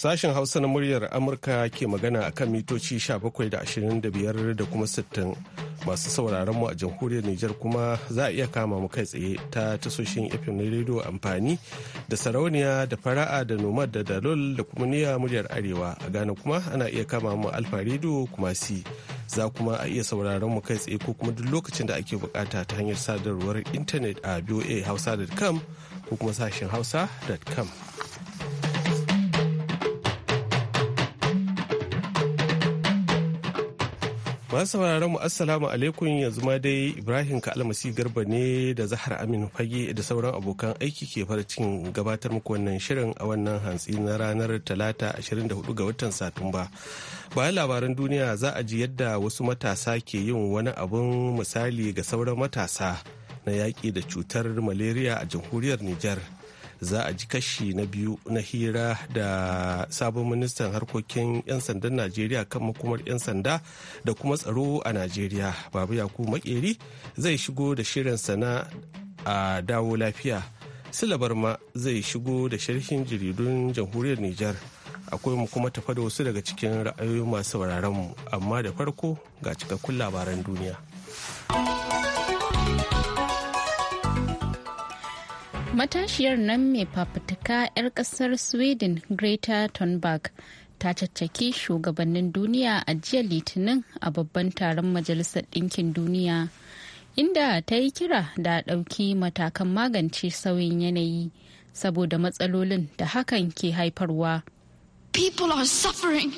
Sashen Hausa na muryar Amurka ke magana a kan mitoci 17 da 25 da kuma 60 masu sauraron mu a jamhuriyar Nijar kuma za a iya kama mu kai tsaye ta tasoshin FM na rediyo amfani da sarauniya da fara'a da nomad da dalol da kuma niya muryar Arewa a Ghana kuma ana iya kama mu alfa rediyo kuma si za kuma a iya sauraron mu kai tsaye ko kuma duk lokacin da ake bukata ta hanyar sadarwar intanet a boahausa.com ko kuma sashen hausa.com. Masu sauraron mu assalamu alaikum yanzu ma dai Ibrahim ka almasi garba ne da Zahar Amin Fage da sauran abokan aiki ke fara cikin gabatar muku wannan shirin a wannan hantsi na ranar Talata 24 ga watan Satumba. Bayan labaran duniya za a ji yadda wasu matasa ke yin wani abun misali ga sauran matasa na yaƙi da cutar malaria a jamhuriyar Nijar. za a ji kashi na biyu na hira da sabon ministan harkokin 'yan sandan najeriya kan makomar 'yan sanda da kuma tsaro a najeriya babu yaku makeri zai shigo da shirin na a dawo lafiya silabar ma zai shigo da sharhin jaridun jamhuriyar nijar akwai mu kuma tafa da wasu daga cikin ra'ayoyi masu mu amma da farko ga cikakkun labaran duniya. Matashiyar nan mai fafutuka 'yar kasar Sweden Greta Thunberg ta caccaki shugabannin duniya a jiya litinin a babban taron Majalisar Ɗinkin Duniya, inda ta yi kira da ɗauki matakan magance sauyin yanayi saboda matsalolin da hakan ke haifarwa. People are suffering,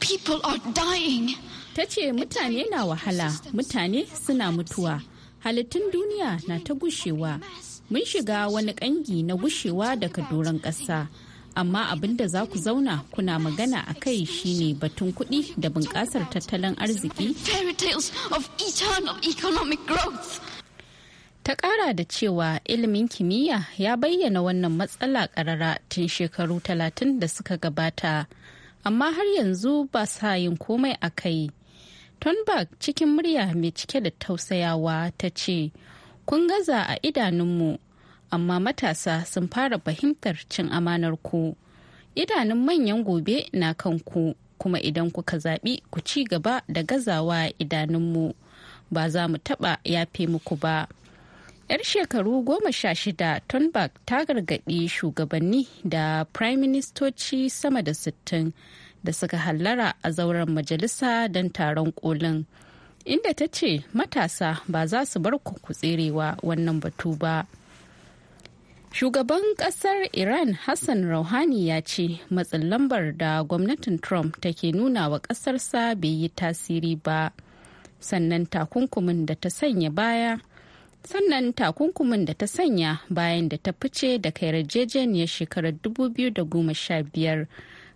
people are dying. Ta ce mutane na wahala, mutane suna mutuwa, halittun duniya na ta gushewa. mun shiga wani ƙangi na gushewa daga doron ƙasa amma abin da za ku zauna kuna magana a kai shine batun kuɗi da bunƙasar tattalin arziki ta ƙara da cewa ilimin kimiyya ya bayyana wannan matsala ƙarara tun shekaru talatin da suka gabata amma har yanzu ba sa yin komai a kai tonberg cikin murya mai cike da tausayawa ta ce kun gaza a idanunmu amma matasa sun fara fahimtar cin amanar ku idanun manyan gobe na kan ku kuma idan kuka zaɓi ku ci gaba da gazawa idanunmu ba za mu taɓa yafe muku ba. 'yar shekaru goma sha shida tonbak ta gargaɗi shugabanni da prime ministoci sama da sittin da suka hallara a zauren majalisa don taron kolin inda ta ce matasa ba za su bar ku tserewa wannan batu ba. Shugaban kasar Iran Hassan Rouhani ya ce matsin lambar da gwamnatin Trump take nuna wa kasarsa bai yi tasiri ba. Sannan takunkumin da ta sanya baya sannan takunkumin da ta sanya bayan da ta fice da yarjejeniyar shekarar 2015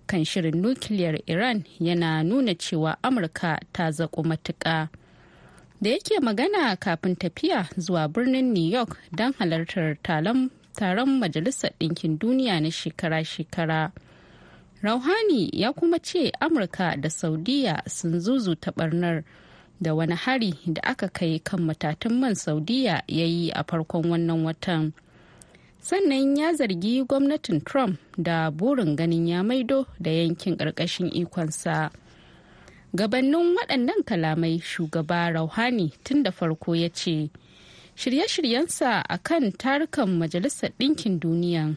kan shirin nukiliyar iran yana nuna cewa amurka ta zaƙo matuƙa da yake magana kafin tafiya zuwa birnin new york don halartar taron majalisar ɗinkin duniya na shekara-shekara rauhani ya kuma ce amurka da saudiya sun zuzu ta barnar da wani hari da aka kai kan matatun man saudiya ya yi a farkon wannan watan sannan ya zargi gwamnatin trump da burin ganin ya maido da yankin ƙarƙashin ikonsa gabanin waɗannan kalamai shugaba rauhani tun da farko ya ce shirye-shiryensa a kan tarukan majalisar ɗinkin duniya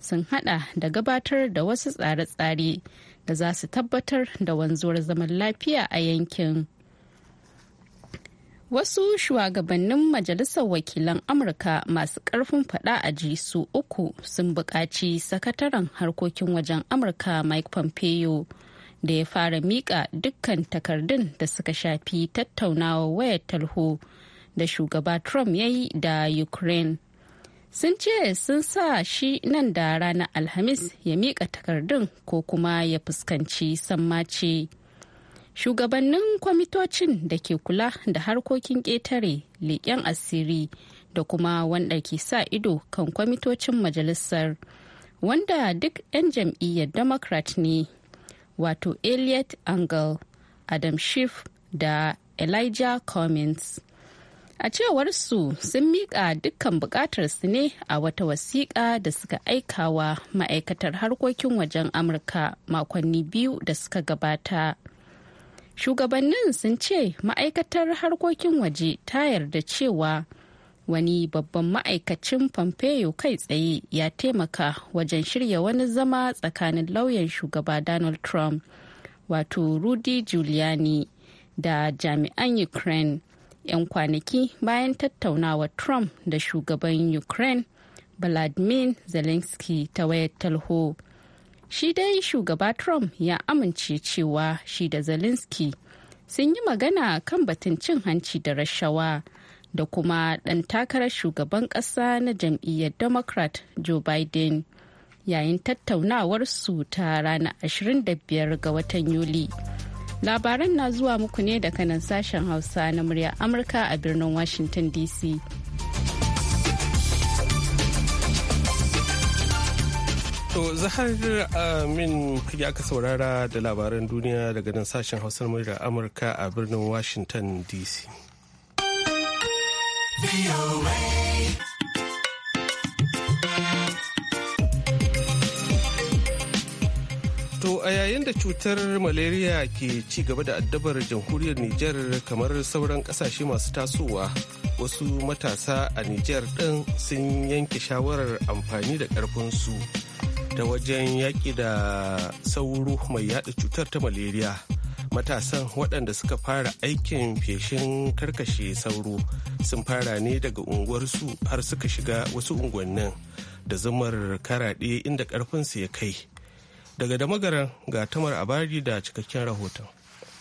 sun hada da gabatar da wasu tsare-tsare da za su tabbatar da wanzuwar zaman lafiya a yankin Wasu shugabannin Majalisar Wakilan Amurka masu ƙarfin faɗa a ji su uku sun buƙaci sakataren harkokin wajen Amurka Mike Pompeo da ya fara miƙa dukkan takardun da suka shafi tattaunawa wayar talho da shugaba Trump ya yi da Ukraine. Sun ce sun sa shi nan da ranar Alhamis ya miƙa takardun ko kuma ya fuskanci sammace. shugabannin kwamitocin da ke kula da harkokin ƙetare leƙen asiri da kuma wanda ke sa ido kan kwamitocin majalisar wanda duk 'yan jam'iyyar democrat ne wato elliot angle adam schiff da elijah cummins a cewarsu sun miƙa dukkan buƙatar su ne a wata wasiƙa da suka aikawa ma'aikatar harkokin wajen amurka makonni biyu da suka gabata shugabannin sun ce ma'aikatar harkokin waje ta yarda cewa wani babban ma'aikacin pompeo kai tsaye ya taimaka wajen shirya wani zama tsakanin lauyan shugaba donald trump wato rudy giuliani da jami'an ukraine 'yan kwanaki bayan tattaunawa trump da shugaban ukraine vladimir zelensky ta wayar talho shi dai shugaba trump ya amince cewa shi da zelensky sun yi magana kan batun cin hanci da rashawa da kuma ɗan takarar shugaban ƙasa na jam'iyyar democrat joe biden yayin su ta ranar 25 ga watan yuli labaran na zuwa muku ne daga nan sashen hausa na murya amurka a birnin washington dc To Zahar Amin ya aka saurara da labaran duniya daga nan sashen Hausar murya Amurka a birnin Washington DC. To a yayin da cutar malaria ke ci gaba da addabar jamhuriyar Nijar kamar sauran kasashe masu tasowa. wasu matasa a Nijar ɗin sun yanke shawarar amfani da ƙarfinsu Da wajen yaƙi da sauro mai yaɗa cutar ta malaria matasan waɗanda suka fara aikin feshin karkashe sauro sun fara ne daga unguwarsu har suka shiga wasu unguwannin da zumar karaɗe inda ƙarfinsu ya kai daga damagaran ga tamar abari da cikakken rahoton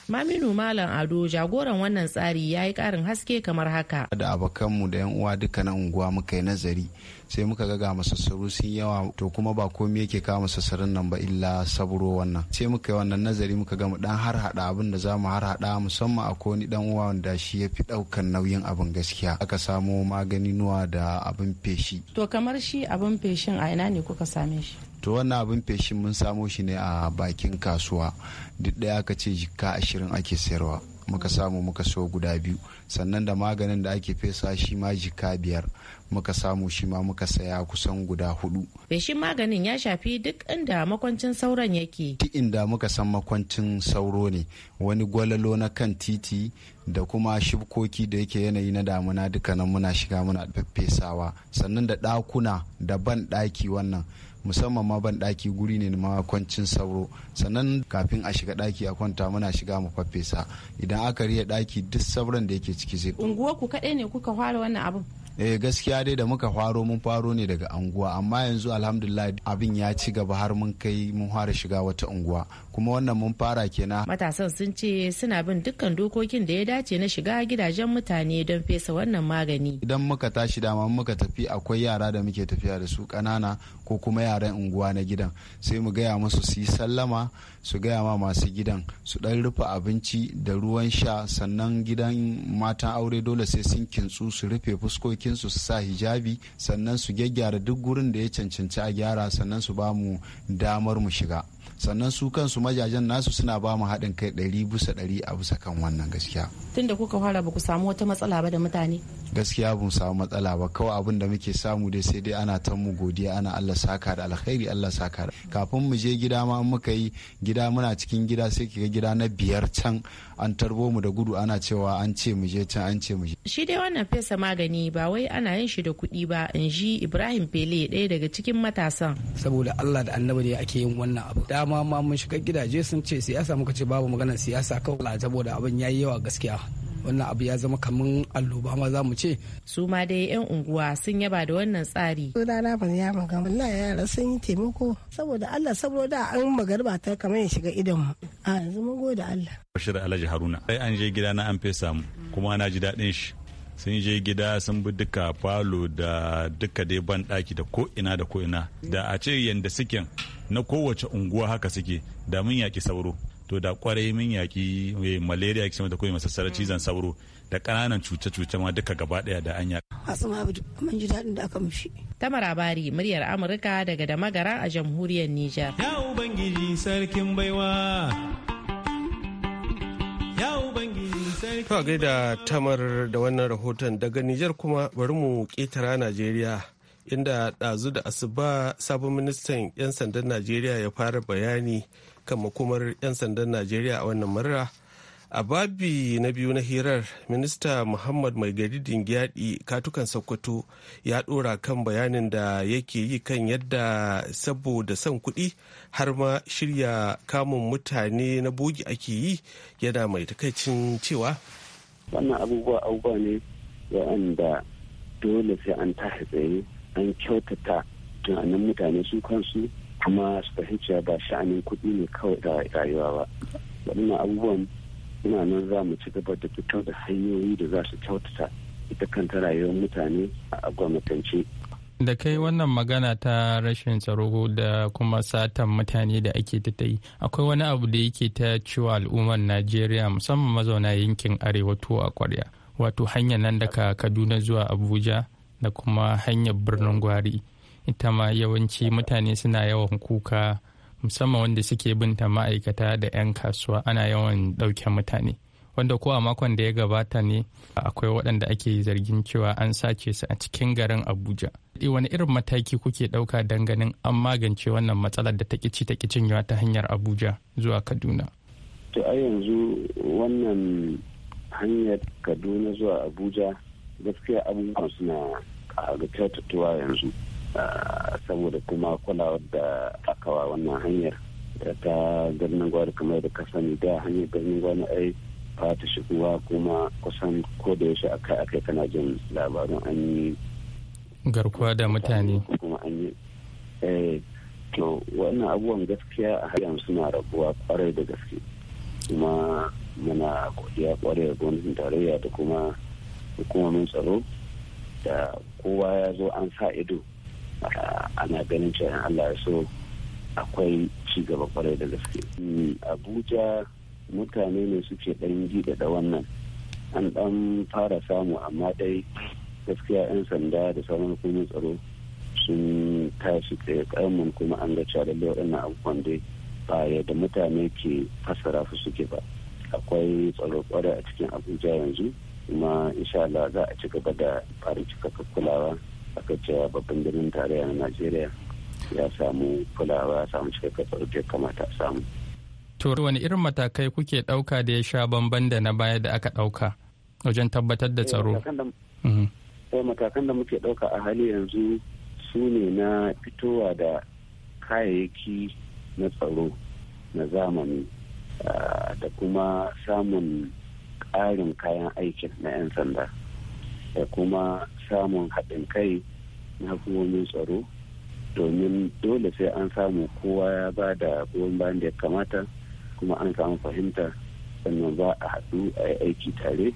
Maminu Malam Ado jagoran wannan tsari ya yi ƙarin haske kamar haka. Da abokanmu da 'yan uwa duka na unguwa muka yi nazari sai muka ga ga masassaru sun yawa to kuma ba komai yake kawo masassarin nan ba illa saburo wannan sai muka yi wannan nazari muka ga mu dan har hada abin da mu har hada musamman a ni dan uwa wanda shi ya fi daukan nauyin abin gaskiya aka samo magani nuwa da abin feshi to kamar shi abin feshin a ina ne kuka same shi to wannan abin feshin mun samo shi ne a bakin kasuwa duk ɗaya aka ce jika ashirin ake sayarwa muka samu muka so guda biyu sannan da maganin da ake fesa shi ma jika biyar muka samu shi ma muka saya kusan guda hudu. Feshin maganin ya shafi duk inda makwancin sauran yake. Duk inda muka san makwancin sauro ne wani gwalalo na kan titi da kuma shibkoki da yake yanayi na damuna dukkanin muna shiga muna fesawa sannan da ɗakuna da ban ɗaki wannan musamman ma ban daki guri ne ma kwancin sauro sannan kafin a shiga daki a kwanta muna shiga mu faffesa idan aka riya daki duk sauran da yake ciki sai unguwa ku kadai ne kuka fara wannan abin eh gaskiya dai da muka faro mun faro ne daga unguwa amma yanzu alhamdulillah abin ya ci gaba har mun kai mun fara shiga wata unguwa kuma wannan mun fara kenan matasan sun ce suna bin dukkan dokokin da ya dace na shiga gidajen mutane don fesa wannan magani idan muka tashi dama muka tafi akwai yara da muke tafiya da su kanana ko kuma yaran unguwa na gidan sai mu gaya musu su yi sallama su gaya ma masu gidan su ɗan rufe abinci da ruwan sha sannan gidan matan aure dole sai sun kintsu su rufe fuskokinsu su sa hijabi sannan su gyaggyara duk gurin da ya cancanci a gyara sannan su ba mu damar mu shiga sannan su kansu majajen nasu suna ba mu haɗin kai ɗari bisa ɗari a bisa kan wannan gaskiya tunda kuka fara ba ku samu wata matsala ba da mutane gaskiya ba samu matsala ba kawai abin da muke samu dai sai dai ana ta mu godiya ana Allah saka da alkhairi Allah saka da kafin mu je gida ma muka yi gida muna cikin gida sai ga gida na biyar can an tarbo mu da gudu ana cewa an ce mu je can an ce mu je shi dai wannan fesa magani ba wai ana yin shi da kuɗi ba in ji Ibrahim Pele ɗaya daga cikin matasan saboda Allah da annabi ne ake yin wannan abu dama ma mun shiga gidaje sun ce siyasa muka ce babu maganar siyasa kawai saboda abin ya yi yawa gaskiya wannan abu ya zama kamar alloba ma za mu ce su ma dai yan unguwa sun yaba da wannan tsari sunana ban ya maga wannan yara sun yi taimako saboda Allah saboda an magarba ta kamar ya shiga idan mu a yanzu mun gode Allah Bashir Alhaji Haruna sai an je gida na an fesa mu kuma na ji daɗin shi sun je gida sun bi duka falo da duka dai ban daki da ko ina da ko ina da a ce yanda suke na kowace unguwa haka suke da mun yaki sauro to da kwarai min yaki eh, malaria kishin da kuma masassarar mm. cizon sauro da ƙananan cuce-cuce ma duka gaba daya da anya. Asma Abdu, mun ji daɗin da aka mushi. Tamara Bari, muryar Amurka daga Damagara a jamhuriyar Nijar. Ya Ubangiji sarkin baiwa. Ya Ubangiji sarkin baiwa. da tamar da wannan rahoton daga Nijar kuma bari mu ƙetara Najeriya. Inda ɗazu da asuba sabon ministan 'yan sandan Najeriya ya fara bayani kan makomar 'yan sandan najeriya a wannan marra a babi na biyu na hirar minista muhammad mai garidin gyaɗi katukan sokoto ya ɗora kan bayanin da yake yi kan yadda saboda son kuɗi har ma shirya kamun mutane na bogi ake yi yana mai takaicin cewa wannan abubuwa abubuwa ne waɗanda dole sai an tashi tsaye an kyautata tunanin mutane su kansu kuma su fahimci ba sha'anin kuɗi ne kawai da rayuwa ba waɗannan abubuwan ina nan za mu ci gaba da fitar da hanyoyi da za su kyautata ita kanta rayuwar mutane a gwamnatance da kai wannan magana ta rashin tsaro da kuma satan mutane da ake ta ta yi akwai wani abu da yake ta ciwo al'ummar najeriya musamman mazauna yankin arewa to a kwarya wato hanyar nan daga kaduna zuwa abuja da kuma hanyar birnin gwari ita ma yawanci mutane suna yawan kuka musamman wanda suke binta ma'aikata da 'yan kasuwa ana yawan ɗauke mutane wanda ko a makon da ya gabata ne akwai waɗanda ake zargin cewa an sace su a cikin garin abuja eh, wani irin mataki kuke ɗauka don ganin an magance wannan matsalar da ta ƙici ta ƙicin ta hanyar abuja zuwa kaduna to a yanzu wannan hanyar kaduna zuwa abuja gaskiya abubuwan suna ƙaruwa yanzu Ah, saboda kuma kulawar da aka wa wannan hanyar da ta birnin gwari kamar da ka sani da hanyar birnin gwari ai ba ta shigowa kuma kusan ko da yaushe akai akai kana jin labarin an yi garkuwa da mutane kuma an yi eh, to wannan abubuwan gaskiya a hanyar suna rabuwa kwarai da gaske kuma muna godiya kwarai da gwamnatin tarayya da kuma hukumomin tsaro da kowa ya zo an sa ido ana ganin cewa Allah ya so akwai ci gaba kwarai da gaske hmm, abuja mutane ne suke ɗan ji da wannan an ɗan fara samu amma dai gaskiya 'yan sanda da sauran hukumar tsaro sun tashi tsaye karamin kuma an ga cewa da waɗannan abubuwan dai ba yadda mutane ke fassara su suke ba akwai tsaro kwarai a cikin abuja yanzu kuma insha Allah za a ci gaba da farin cikakken kulawa aka cewa babban birnin tarayya na najeriya ya samu kulawa ya samu cikakken tsaro da kamata a samu to wani irin matakai kuke dauka da ya sha bamban da na baya da aka dauka wajen tabbatar da eh, tsaro matakan da mm-hmm. eh, muke dauka a hali yanzu su ne na fitowa da kayayyaki na tsaro na zamani ah, da kuma samun ƙarin kayan aikin na 'yan sanda. da kuma samun haɗin kai na hukumomin tsaro domin dole sai an samu kowa ya ba da goyon bayan da ya kamata kuma an samu fahimta sannan ba a haɗu a yi aiki tare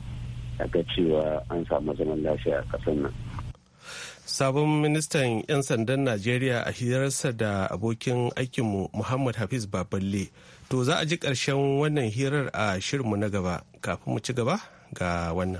a ga cewa an samu zaman lafiya a ƙasar nan. sabon ministan 'yan sandan najeriya a hirarsa da abokin aikinmu muhammad hafiz baballe to za a ji ƙarshen wannan hirar a shirinmu na gaba kafin mu ci gaba ga wannan.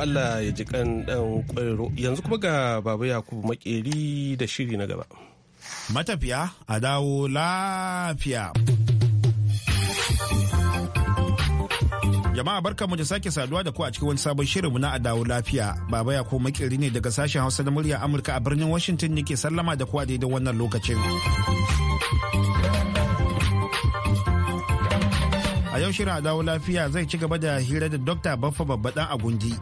Allah ya ji kan dan ƙwairo yanzu kuma ga baba yakubu makeri da shiri na gaba matafiya a dawo lafiya jama'a barka mu da sake saduwa da ku a cikin wani sabon shirinmu na adawo lafiya baba ya makeri ne daga sashen hausa da murya amurka a birnin washington yake sallama da ku a daidai wannan lokacin a yau shirin a dawo lafiya zai ci gaba da hira da Dokta baffa babbaɗan Gundi.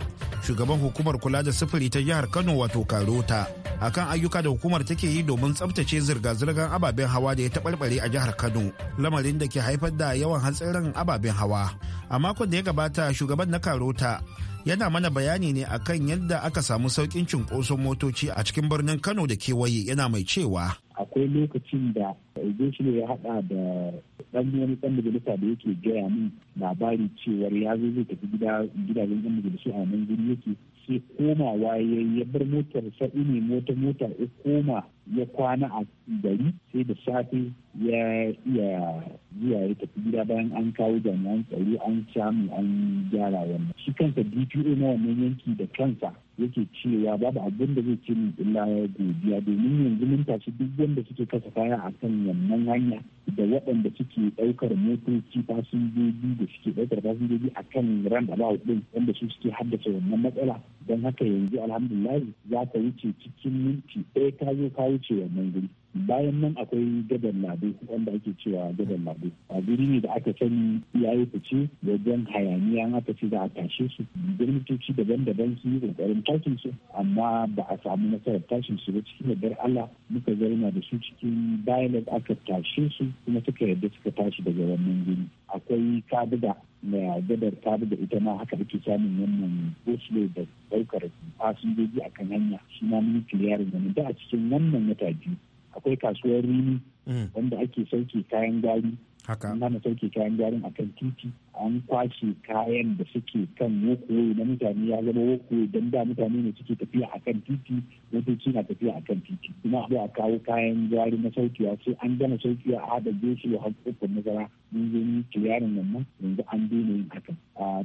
shugaban hukumar kula da sufuri ta jihar kano wato karota akan ayyuka da hukumar take yi domin tsabtace zirga-zirgar ababen hawa da ya taɓarɓare a jihar kano lamarin da ke haifar da yawan hatsarin ababen hawa a makon da ya gabata shugaban na karota yana mana bayani ne akan yadda aka samu saukin cunkoson motoci a cikin birnin kano da kewaye yana mai cewa akwai lokacin da Ezekiel ya hada da dan wani ɗan majalisa da yake gaya min labari cewar ya zo zai tafi gida gidajen ɗan majalisa a nan guri yake sai komawa ya bar motar sa'i ne mota mota ya koma ya kwana a gari sai da safe ya iya zuwa ya tafi gida bayan an kawo jami'an tsaro an samu an gyara wannan shi kansa dpo na wannan yanki da kansa yake cewa babu abin da zai ce min illa ya godiya domin yanzu mun tashi duk wanda suke kasa kaya a kan wannan hanya da waɗanda suke ɗaukar motoci fasinjoji da suke ɗaukar fasinjoji a kan ran da ba ɗin wanda su suke haddasa wannan matsala don haka yanzu alhamdulillah za ka wuce cikin minti ɗaya ka zo ka wuce wannan guri bayan nan akwai gadon lado wanda ake cewa gadon lado a guri ne da aka sani yi fice wajen hayaniya an aka ce za a tashe su gwamnatoci daban-daban su yi kokarin tashin su amma ba a samu nasarar tashin su ba cikin yardar Allah muka zauna da su cikin dialogue aka tashe su kuma suka yarda suka tashi daga wannan guri akwai kabida na gadar kaduga ita ma haka ake samun wannan goslo da daukar fasinjoji a kan hanya shi ma mun kiliyarin da a cikin wannan mataki. akwai kasuwar rini mm. wanda ake sauke kayan gari an sauke kayan garin a kan titi an kwashe kayan da suke kan woko na mutane ya zama woko don da mutane ne suke tafiya a kan titi motoci na tafiya a kan titi kuma a kawo kayan gari na saukewa sai an gama saukewa a hada goshi har na nazara mun zo ni kiyarin nan yanzu an daina yin haka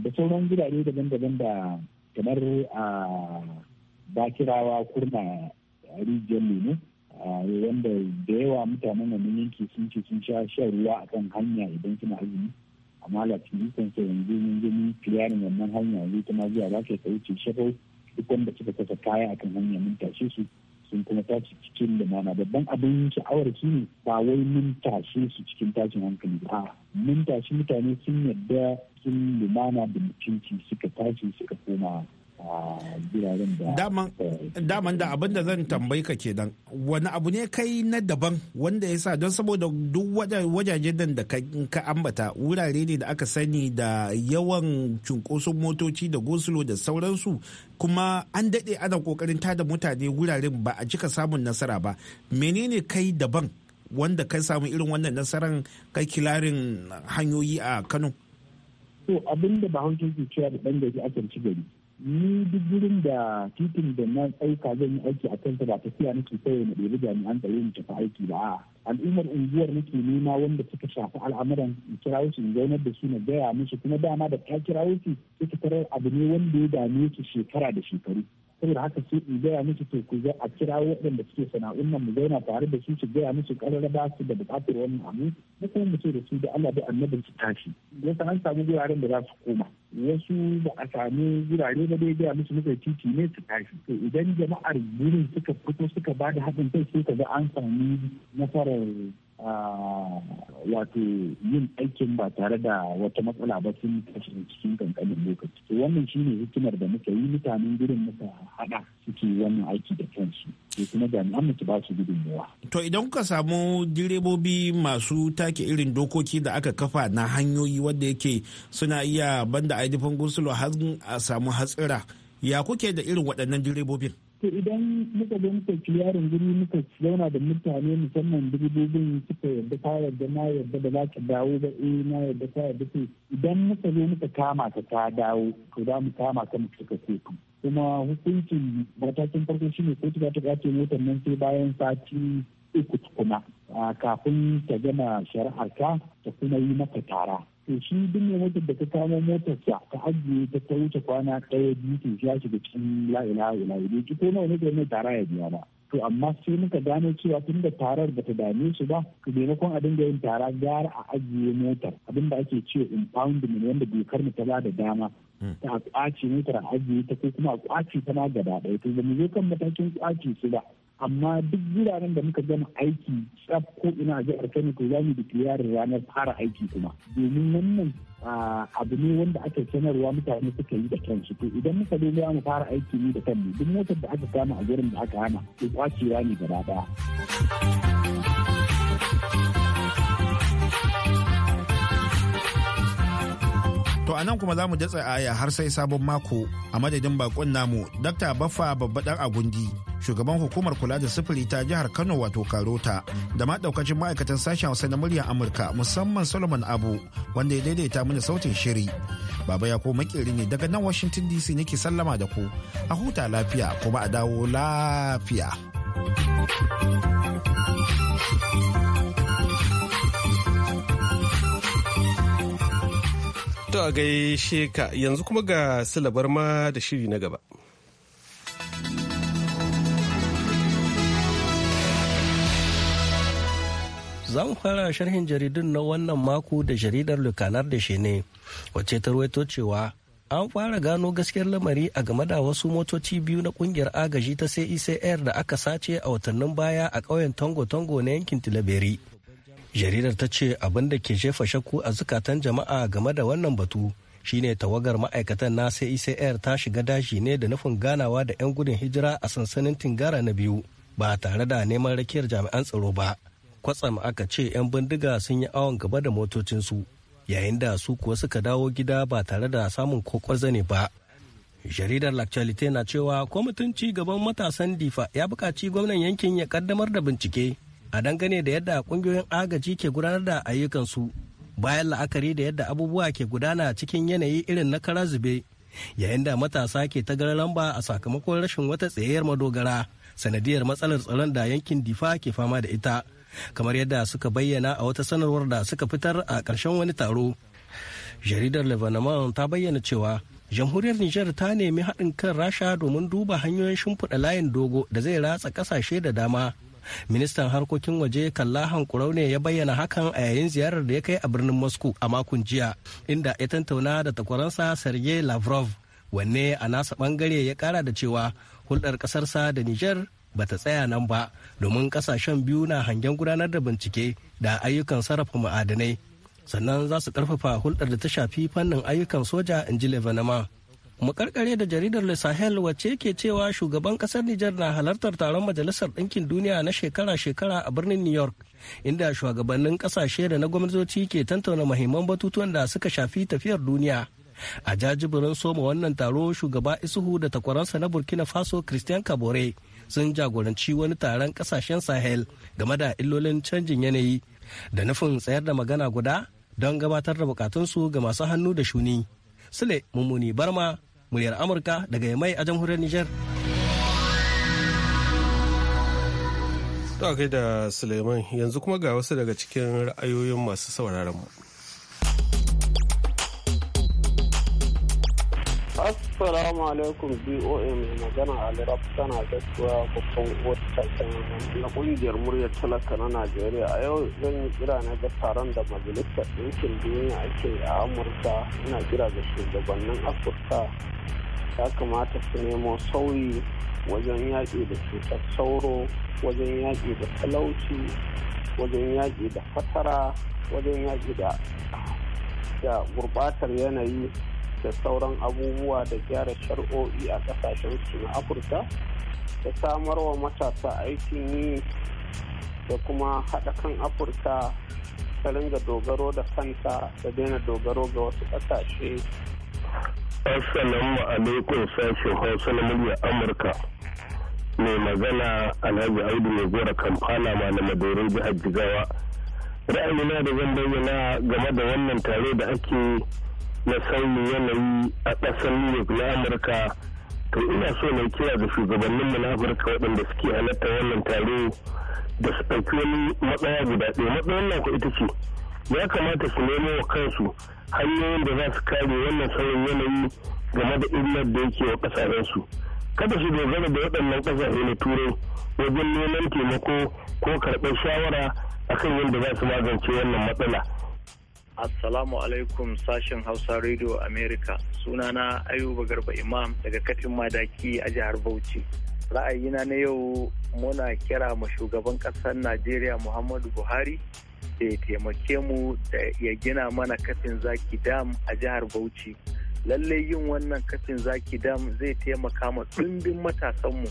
da sauran gidaje daban-daban da kamar a bakirawa kurna a rijiyar lemu wanda da yawa mutanen nan yanki sun ce sun sha shan ruwa a kan hanya idan suna azumi amma latin distance yanzu mun je mun clearing wannan hanya yanzu ta ma zuwa za ka wuce shafau duk wanda suka kasa kaya a kan hanya mun tashe su sun kuma tashi cikin lumana babban abin sha'awar shi ne ba wai mun tashe su cikin tashin hankali ba mun tashi mutane sun yarda sun lumana da mutunci suka tashi suka koma daman da abin da zan tambayi ka ke kenan wani abu ne kai na daban wanda ya sa don saboda duk wajaje nan da ka ambata wurare ne da aka sani da yawan cunkoson motoci da gosulo da sauransu kuma an daɗe ana ƙoƙarin tada mutane wuraren ba a cika samun nasara ba menene kai daban wanda ka samu irin wannan nasaran kai kilarin hanyoyi a kano to abin da ba ke cewa da ɗan gari kan ci gari ni duk gurin da titin da na tsaika zan yi aiki a kansa ba tafiya ke sai na ɗebi jami'an tsaro mu tafi aiki ba al'ummar unguwar nake nema wanda suka shafi al'amuran in kira su in zaunar da su na gaya musu kuma dama da ta kira su suka tarar abu ne wanda ya dame su shekara da shekaru saboda haka su in gaya musu to ku a kira waɗanda suke sana'un nan mu zauna tare da su su gaya musu ƙarara da su da buƙatar wannan abu mu kuma mu ce da su da Allah da annabin su tashi wasu an samu wuraren da za su koma wasu ba a samu wurare ba dai gaya musu muka titi ne su tashi to idan jama'ar gurin suka fito suka ba da haɗin kai sai ka ga an sami nasarar ah, wato yin aikin ba tare da wata matsala ba sun kashe cikin kankanin lokaci to wannan shine hikimar da muka yi mutanen gurin muka hada suke wannan aiki da kansu to kuma jami'an mu ba su gudunmawa to idan kuka samu direbobi masu take irin dokoki da aka kafa na hanyoyi wadda yake suna iya banda aidifan gusulo har a samu hatsira ya kuke da irin waɗannan direbobin to idan muka zo muka ci yaron guri muka zauna da mutane musamman direbobin suka yarda ta yarda na yarda da za dawo ba eh na yarda ta yarda to idan muka zo muka kama ka ta dawo to za mu kama ka mu cika kotu kuma hukuncin matakin farko shine kotu za ta kace motar nan sai bayan sati uku kuma kafin ta gama shari'ar ta kuma yi mata tara to shi duk mai motar da ta kamo motar sa ta ajiye ta ta wuce kwana ɗaya biyu to shi ya shiga cikin la'ila ila ila ki ko nawa wani mai tara ya biya ba to amma sai muka gano cewa tun da tarar ba ta dame su ba to maimakon a dinga yin tara gyara a ajiye motar abin da ake ce impoundment wanda dokar mu ta ba da dama ta hmm. a kwace motar a ajiye ta ko kuma a kwace ta ma gaba ɗaya to ba mu zo kan matakin kwace su ba amma duk wuraren da muka gama aiki tsaf ko ina a jihar kano to za mu yarin ranar fara aiki kuma domin wannan ah, abu ne wanda ake sanarwa mutane suka yi da kansu to idan muka zo mu fara aiki ne da kanmu duk motar da aka kama a gurin da aka hana to kwacewa ne gaba daya. To a nan kuma za mu datsa aya har sai sabon mako a madadin bakon namu Dr. Baffa babbaɗar Agundi, shugaban hukumar kula da sufuri ta jihar Kano wato Karota, da ma ɗaukacin ma'aikatan sashen Hausa na muryar Amurka musamman Solomon Abu wanda ya daidaita mana sautin shiri. Baba ya ko makeri ne daga nan Washington DC nake sallama da ku. A huta lafiya kuma a dawo lafiya. To a gaishe ka yanzu kuma ga silabar ma da shiri na gaba. za mu fara sharhin jaridun na wannan mako da jaridar lukanar da shi ne wacce ta ruwaito cewa an fara gano gaskiyar lamari a game da wasu motoci biyu na kungiyar agaji ta cicr e da aka sace a watannin baya a ƙauyen tongo tongo na yankin tilaberi jaridar ta ce abin da ke jefa shakku a zukatan jama'a game da wannan batu shine tawagar ma'aikatan na CICR e ta shiga dashi ne da nufin ganawa da 'yan gudun hijira a sansanin Tingara na biyu ba tare da neman rakiyar jami'an tsaro ba. Kwatsam aka ce 'yan bindiga sun yi awon gaba da motocinsu yayin da su kuwa suka dawo gida ba tare da samun kokwazo ne ba. Jaridar Lactualite na cewa kwamitin mutunci gaban matasan difa ya buƙaci gwamnan yankin ya ƙaddamar da bincike a dangane da yadda kungiyoyin agaji ke gudanar da ayyukansu bayan la'akari da yadda abubuwa ke gudana cikin yanayi irin na kara zube yayin da matasa ke ta lamba a sakamakon rashin wata tsayayyar madogara sanadiyar matsalar tsaron da yankin difa ke fama da ita kamar yadda suka bayyana a wata sanarwar da suka fitar a ƙarshen wani taro jaridar lebanon ta bayyana cewa jamhuriyar niger ta nemi haɗin kan rasha domin duba hanyoyin shimfiɗa layin dogo da zai ratsa ƙasashe da dama ministan harkokin waje kalla hankurau ne ya bayyana hakan a yayin ziyarar da ya kai a birnin moscow a makon jiya inda ya tattauna da takwaransa sergei lavrov wanne a nasa bangare ya kara da cewa hulɗar ƙasarsa da niger ba ta tsaya nan ba domin ƙasashen biyu na hangen gudanar da bincike da ayyukan sarrafa ma'adanai sannan za su ƙarfafa hulɗar da ta shafi fannin ayyukan soja in ji levanama makarkare da jaridar Le Sahel wacce ke cewa shugaban kasar Nijar na halartar taron Majalisar Ɗinkin Duniya na shekara-shekara a birnin New York, inda shugabannin ƙasashe da na gwamnatoci ke tantauna mahimman batutuwan da suka shafi tafiyar duniya. A jajibirin soma wannan taro shugaba Isuhu da takwaransa na Burkina Faso Christian Kabore sun jagoranci wani taron ƙasashen Sahel game da illolin canjin yanayi da nufin tsayar da magana guda don gabatar da bukatunsu ga masu hannu da shuni. Sule Mummuni Barma, muryar Amurka daga Yamai a jamhuriyar Nijar. To da Suleiman yanzu kuma ga wasu daga cikin ra'ayoyin masu sauraron mu. Assalamu alaikum BOA mai magana Ali Rab tana gaskiya babban wata na kungiyar muryar talaka na Najeriya a yau zan yi kira na ga taron da majalisar ɗinkin duniya ake a Amurka ina kira ga shugabannin Afirka ya kamata su nemo sauyi wajen yaƙi da cutar sauro wajen yaƙi da talauci wajen yaƙi da fatara wajen yaƙi da gurɓatar yanayi da sauran abubuwa da gyara shari'o'i a kasashen su na afirka da samar wa matasa aikin yi da kuma haɗa kan afirka ta ringa dogaro da kanta da daina dogaro ga wasu ƙasashe assalamu alaikum sashen hausa na murya amurka mai magana alhaji audu mai gora kamfana malama dorin jihar jigawa ra'ayina da zan bayyana game da wannan tare da ake na sauyin yanayi a ƙasar new na amurka to ina so na kira da mu na afirka waɗanda suke halatta wannan taro da su ɗauki wani matsaya guda ɗaya matsayin nan ko ita ce ya kamata su nemo wa kansu hanyoyin da za su kare wannan sauyin yanayi game da illar da yake wa ƙasashensu kada su dogara da waɗannan ƙasashe na turai wajen neman taimako ko karɓar shawara akan yadda za su magance wannan matsala Assalamu alaikum sashen Hausa Radio America. Sunana Ayuba Garba Imam daga Katin Madaki a jihar Bauchi. Ra'ayina na yau muna kira ma shugaban ƙasar Najeriya Muhammadu Buhari da ya taimake mu da ya gina mana kafin zaki dam a jihar Bauchi. Lallai yin wannan kafin zaki dam zai taimaka ma ɗumbin matasanmu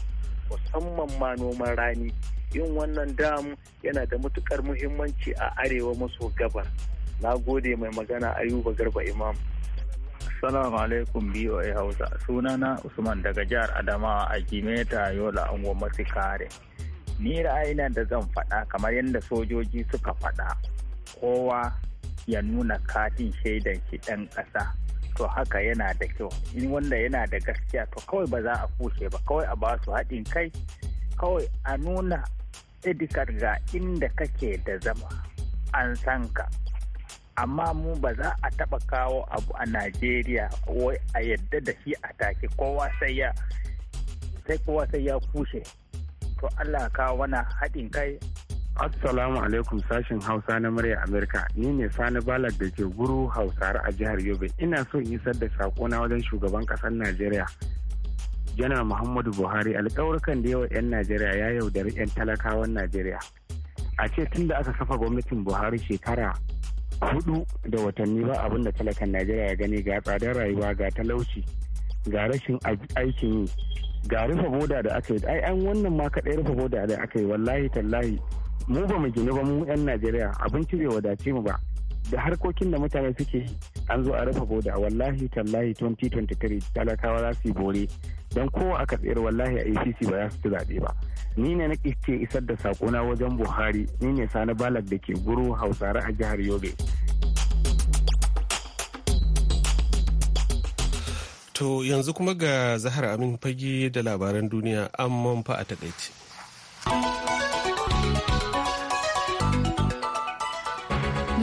musamman ma noman rani. Yin wannan dam yana da matukar muhimmanci a arewa maso gabar. na gode mai magana ayuba garba imam salamu alaikum BOA Hausa. Sunana Usman daga jihar Adamawa a gimeta Yola su Masikare. Ni ra'ayina da zan faɗa kamar yadda sojoji suka faɗa kowa ya nuna katin shaidan shi ɗan ƙasa. To haka yana da kyau. In wanda yana da gaskiya to kawai ba za a kushe ba kawai a basu haɗin kai kawai a nuna idikar ga inda kake da zama an san ka amma mu ba za a taɓa kawo abu a najeriya wai a yadda da shi a take kowa sai ya sai kowa sai ya kushe to allah kawo wani haɗin kai assalamu alaikum sashin hausa na murya amurka ni ne sani Ballad da ke guru hausare a jihar yobe ina so in isar da na wajen shugaban ƙasar najeriya janar muhammadu buhari alkawarkan da yawa 'yan najeriya ya yaudari 'yan talakawan najeriya a ce tun da aka kafa gwamnatin buhari shekara hudu da watanni ba abin da talakan najeriya ya gani ga tsadar rayuwa ga talauci ga rashin aikin yi ga rufe boda da aka yi ai an wannan ma kaɗai rufe boda da aka yi wallahi tallahi mu ba mu gini ba mu 'yan najeriya abinci bai wadace mu ba da harkokin da mutane suke an zo a rufe boda wallahi tallahi 2023 talakawa za su yi bore don kowa aka tsayar wallahi a ACC ba za su ci zaɓe ba ni ne na ke isar da sakona wajen buhari ni ne sani balak da ke guru hausare a jihar yobe to yanzu kuma ga zahar amin fage da labaran duniya an manfa a takaice.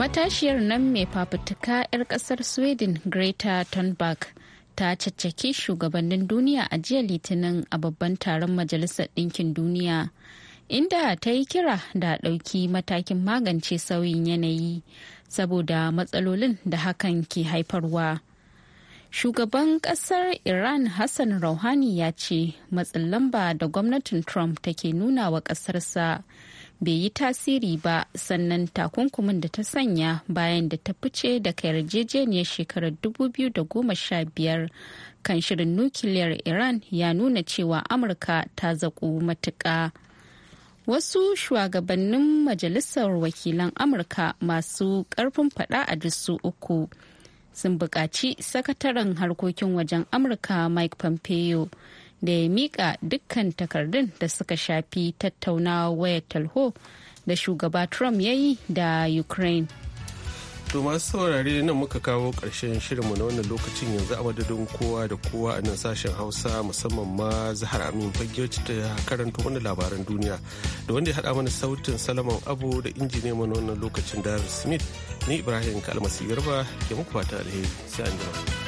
matashiyar nan mai fafutuka 'yar kasar sweden greta thunberg ta caccaki shugabannin duniya a jiya litinin a babban taron majalisar ɗinkin duniya inda ta yi kira da ɗauki matakin magance sauyin yanayi saboda matsalolin da hakan ke haifarwa shugaban ƙasar iran hassan rouhani ya ce matsin lamba da gwamnatin trump take nuna wa ƙasarsa bai yi tasiri ba sannan takunkumin da ta sanya bayan da ta fice daga yarjejeniyar shekarar 2015 kan shirin nukiliyar iran ya nuna cewa amurka ta zaƙu matuƙa wasu shugabannin majalisar wakilan amurka masu ƙarfin faɗa a dusu uku sun buƙaci sakataren harkokin wajen amurka mike pompeo da ya mika dukkan takardun da suka shafi tattaunawa wayar talho da shugaba trump ya yi da ukraine To masu saurare nan muka kawo ƙarshen shirinmu na wannan lokacin yanzu a madadin kowa da kowa a nan sashen Hausa musamman ma Zahar Amin Fagiyoci ta karanto wani labaran duniya da wanda ya haɗa mana sautin Salaman Abu da injiniya mana wannan lokacin darius Smith ni Ibrahim Kalmasi Garba ke muku fata alheri sai an